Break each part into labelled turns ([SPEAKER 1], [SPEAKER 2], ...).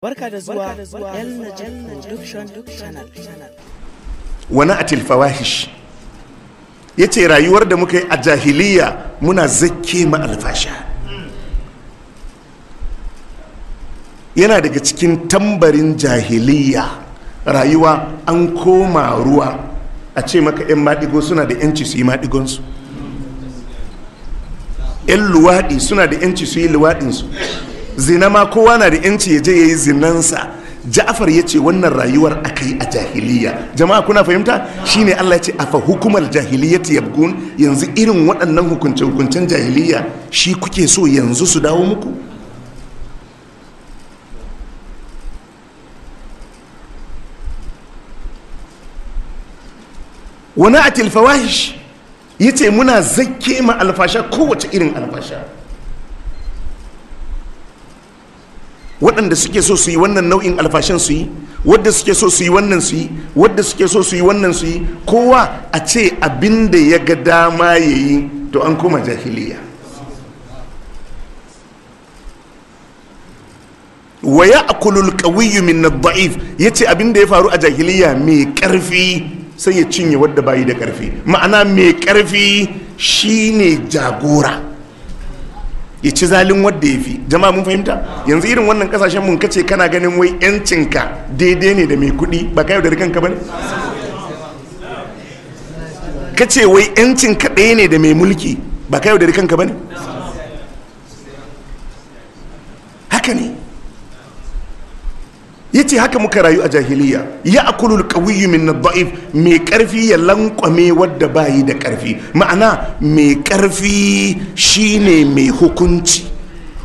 [SPEAKER 1] Barka da zuwa El Najal Production Channel. Wani Atil Fawahish ya ce rayuwar da muka yi a jahiliya muna zake ma alfasha. Yana daga cikin tambarin jahiliya rayuwa an koma ruwa a ce maka 'yan maɗigo suna da 'yanci su yi maɗigonsu. 'Yan luwaɗi suna da 'yanci su yi luwaɗinsu. zina ma kowa na da yanci ya je ya yi zinansa ja'afar ya ce wannan rayuwar aka yi a jahiliya jama'a kuna fahimta shine allah ya ce afa hukumar jahiliya ta yabgun yanzu irin waɗannan hukunce hukuncen jahiliya shi kuke so yanzu su dawo muku wani a tilfawahish ya ce muna zakke ma alfasha kowace irin alfasha waɗanda suke so su yi wannan nau'in alfashin su yi wadda suke so su yi wannan su yi wadda suke so su yi wannan su yi kowa a ce abin da ya ga dama ya yi to an kuma jahiliya wa ya akulul ƙawiyu min na ya ce abin da ya faru a jahiliya mai karfi sai ya cinye wadda bayi da karfi ma'ana mai ƙarfi shine jagora ya ci zalin wadda ya fi jama'a mun fahimta yanzu irin wannan kasashen mun kace kana ganin wai yancinka daidai ne da mai kuɗi ba ka yaudari kanka ba ne kace wai yancin ka ɗaya ne da mai mulki ba ka yaudari kanka ba ne yace haka muka rayu a jahiliya ya akulul qawiyyu min na daif mai karfi ya lankwame wadda bayi da karfi ma'ana mai karfi shine mai hukunci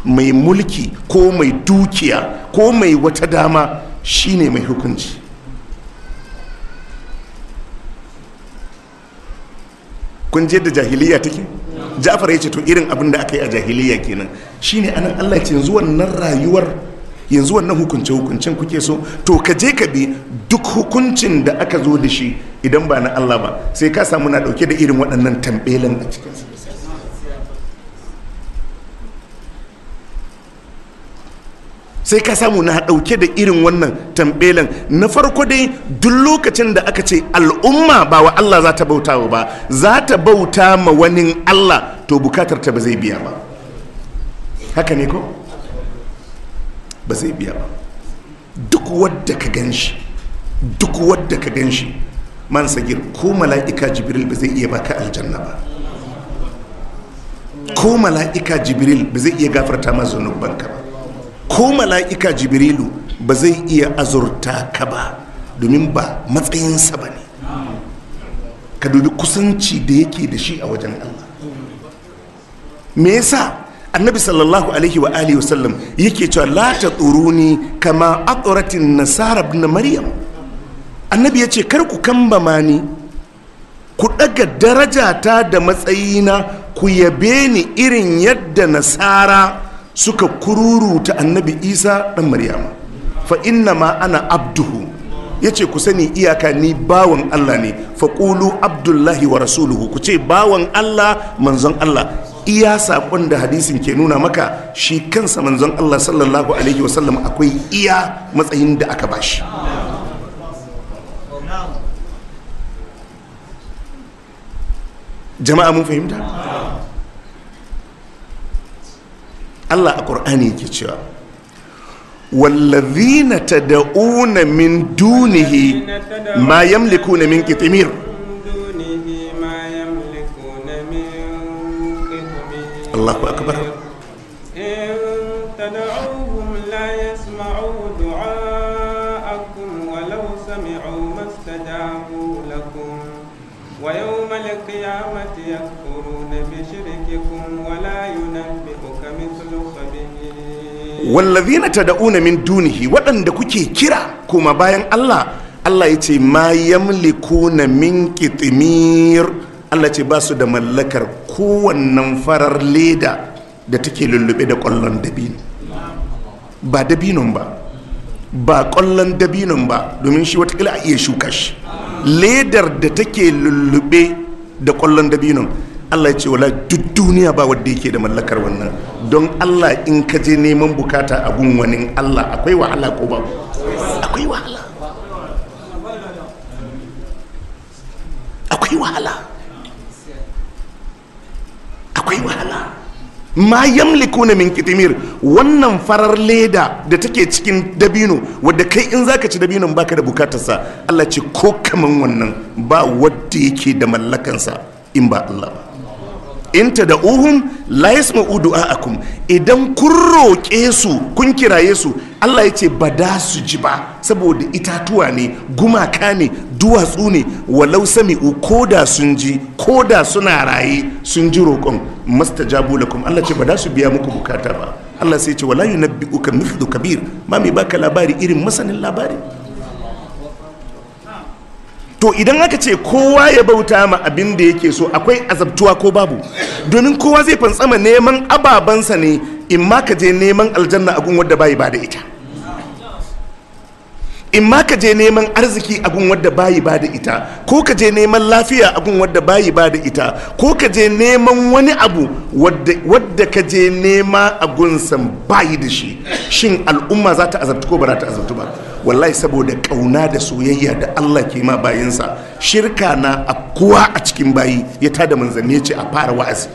[SPEAKER 1] mai mulki ko mai dukiya ko mai wata dama shine mai hukunci kun je da jahiliya take ja'far ya ce to irin abin da aka yi a jahiliya kenan shine anan Allah ce zuwan nan rayuwar yanzu wannan hukunce hukuncen kuke so to ka je ka bi duk hukuncin da aka zo da shi idan ba na Allah ba sai ka samu na dauke da irin waɗannan tambelin a cikin sai ka samu na dauke da irin wannan tambelan na farko dai duk lokacin da aka ce al'umma ba wa Allah za ta bauta ba za ta bauta ma wani Allah to bukatar ta ba zai biya ba haka ne ko ba zai biya ba duk wadda ka gan shi duk wadda ka gan shi man sagir ko mala'ika jibril ba zai iya baka aljanna ba ko mala'ika jibril ba zai iya gafarta ma zunubanka ba ko mala'ika jibrilu ba zai iya azurta ka ba domin ba matsayinsa ba ne ka dubi kusanci da yake da shi a wajen allah me yasa annabi sallallahu alaihi wa alihi wasallam yake cewa la ta tsuruni kama atsoratin nasara na maryam annabi yace kar ku kambama ni ku daga darajata da matsayina ku yabe ni irin yadda nasara suka kururuta annabi isa dan maryam fa inna ma ana abduhu Yace ce ku sani iyaka ni bawan allah ne Fa faƙulu abdullahi wa rasuluhu ku ce bawan allah manzon allah iya saƙon da hadisin ke nuna maka shi kansa manzon Allah sallallahu alaihi wasallam akwai iya matsayin da aka bashi jama'a mun fahimta Allah a ƙur'ani ke cewa wallazina tad'una min dunihi ma yamlikuna min qitmir Allahu akbar تدعوهم لا يسمعوا دعاءكم ولو سمعوا ما استجابوا لكم ويوم القيامة يكفرون بشرككم ولا ينبئك مثل خبير والذين تدعون من دونه وأن دكوكي كرا كما باين الله Allah ya ce ma yamliku na min kitimir Allah ce ba su da mallakar kowannan farar leda da take lullube da kwallon dabino ba dabinon ba ba kwallon dabinon ba domin shi watakila a iya shuka shi ledar da take lullube da ƙwallon dabinon allah ya ce wala duk duniya ba wadda yake da mallakar wannan don allah in ka je neman bukata a gun wani allah akwai wahala ko ba akwai wahala akwai wahala akwai wahala ma yamliku na min kitimir wannan farar leda da take cikin dabino wadda kai in zaka ci dabinon baka da bukatarsa Allah ce ko kaman wannan ba wadda yake da mallakansa in ba Allah ba in da uhum la yasma'u du'a'akum idan kun roƙe su kun kiraye su Allah ya ce ba da su ji ba saboda itatuwa ne gumaka ne duwatsu ne walau sami'u ko da sun ji ko da suna raye sun ji roƙon jabu lakum Allah ce ba da su biya muku bukata ba Allah sai ce wala yunabbi'uka mithlu kabir ma mai baka labari irin masanin labari to idan aka ce kowa ya bauta ma abin da yake so akwai azabtuwa ko babu domin kowa zai fantsama neman ababansa ne in ma ka je neman aljanna a gun wadda bayi ba da ita in ma ka je neman arziki a gun wadda bayi ba da ita ko ka je neman lafiya a gun wadda bayi ba da ita ko ka je neman wani abu wadda ka je nema a gunsan bayi da shi shin al'umma za ta azabtu ko ba za ta azabtu ba wallahi saboda kauna da soyayya da Allah ke ma bayinsa shirka na a kowa a cikin bayi ya ta manzanni ce a fara wa'azi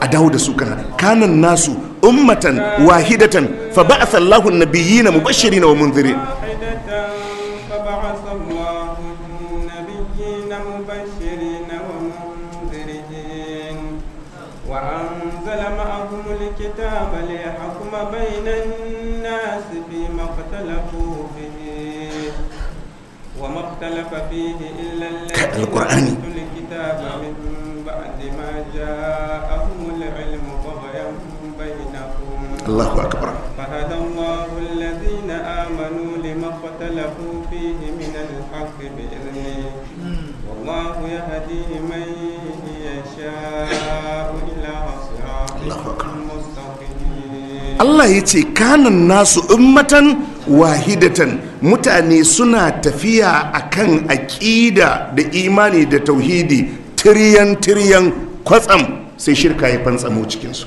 [SPEAKER 1] a dawo da su kana kanan nasu ummatan wahidatan fa ba'atha Allahu an nabiyina mubashirin wa munzirin وأنزل معهم الكتاب ليحكم بين الناس اختلفوا فيه وما اختلف فيه إلا الذين القرآن الكتاب من بعد ما جاءهم العلم بغيا بينهم الله أكبر فهدى الله الذين آمنوا لما اختلفوا فيه من الحق بإذنه والله يهدي من يشاء إلى صراط مستقيم الله يتي كان الناس أمة wahidatan mutane suna tafiya akan aƙida da imani da tauhidi tiriyan tiriyan kwatsam sai shirka ya fantsamo cikinsu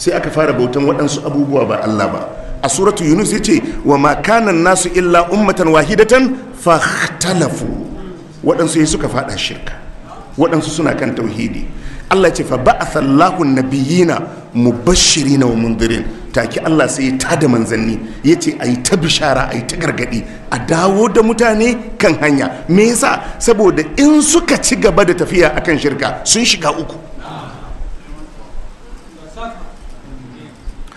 [SPEAKER 1] sai aka fara bautan waɗansu abubuwa ba Allah ba a suratu yunus ya ce wa makanan nasu illa ummatan wahidatan fahtalafu waɗansu ya suka faɗa shirka waɗansu suna kan tauhidi Allah ce fa ba'atha Allahu nabiyina mubashirina wa mundirin take Allah sai ya tada manzanni ya ce a yi ta bishara a yi ta gargaɗi a dawo da mutane kan hanya me yasa saboda in suka ci gaba da tafiya akan shirka sun shiga uku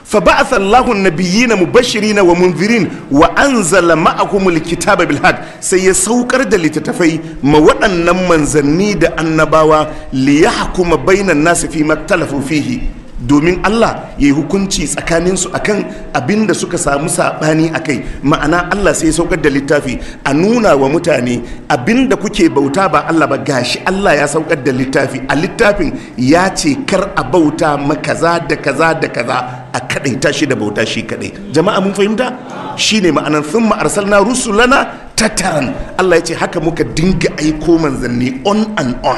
[SPEAKER 1] فبعث الله النبيين مبشرين ومنذرين وانزل معهم الكتاب بالحق sai ya saukar da littattafai ma waɗannan manzanni da annabawa liyahkuma bainan nasi fi maktalafu fihi domin Allah ya yi hukunci tsakaninsu akan abin da suka samu saɓani a kai ma'ana Allah sai saukar da littafi a nuna wa mutane abin da kuke bauta ba Allah ba gashi Allah ya saukar da littafi a littafin ya ce kar a bauta ma kaza da kaza da kaza a kaɗai tashi da bauta shi kaɗai. jama'a mun fahimta shine ma'anar thumma na rusulana tattaran Allah ya ce haka muka dinga aiko manzanni on and on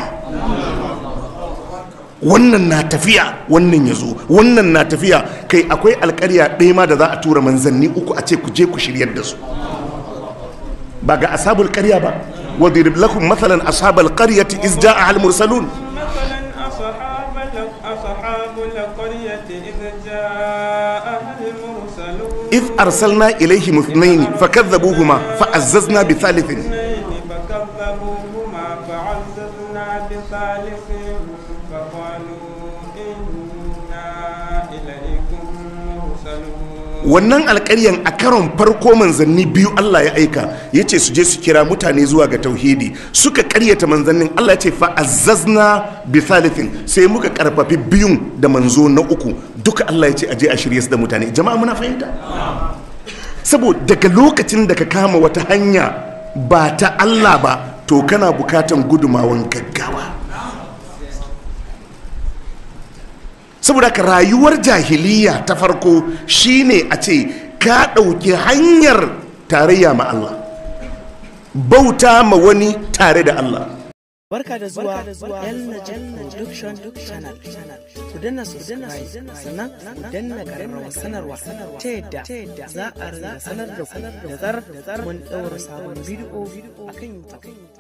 [SPEAKER 1] wannan na tafiya wannan ya zo wannan na tafiya kai akwai alkarya ɗaya ma da za a tura manzanni uku a ce ku je ku shiryar da su ba ga asabul karya ba wadrib lakum mathalan ashabal qaryati iz jaa al mursalun إذ أرسلنا إليهم اثنين فكذبوهما bi بثالث wannan alkaryan a karon farko manzanni biyu Allah ya aika ya ce su je su kira mutane zuwa ga tauhidi suka karyata manzannin Allah ya ce fa'azzazna bi thalithin sai muka karfafi biyun da manzo na uku duka Allah ya ce aje a shirye su da mutane jama'a muna fahimta saboda daga lokacin da ka kama wata hanya ba ta Allah ba to kana bukatan gudumawan ka saboda ka rayuwar jahiliya ta farko shine a ce ka ɗauki hanyar tarayya ma Allah bauta ma wani tare da Allah barka da zuwa yalna janna production channel ku danna su sannan ku danna karamar sanarwa ta yadda za a sanar da ku da zar mun ɗaura sabon bidiyo akan YouTube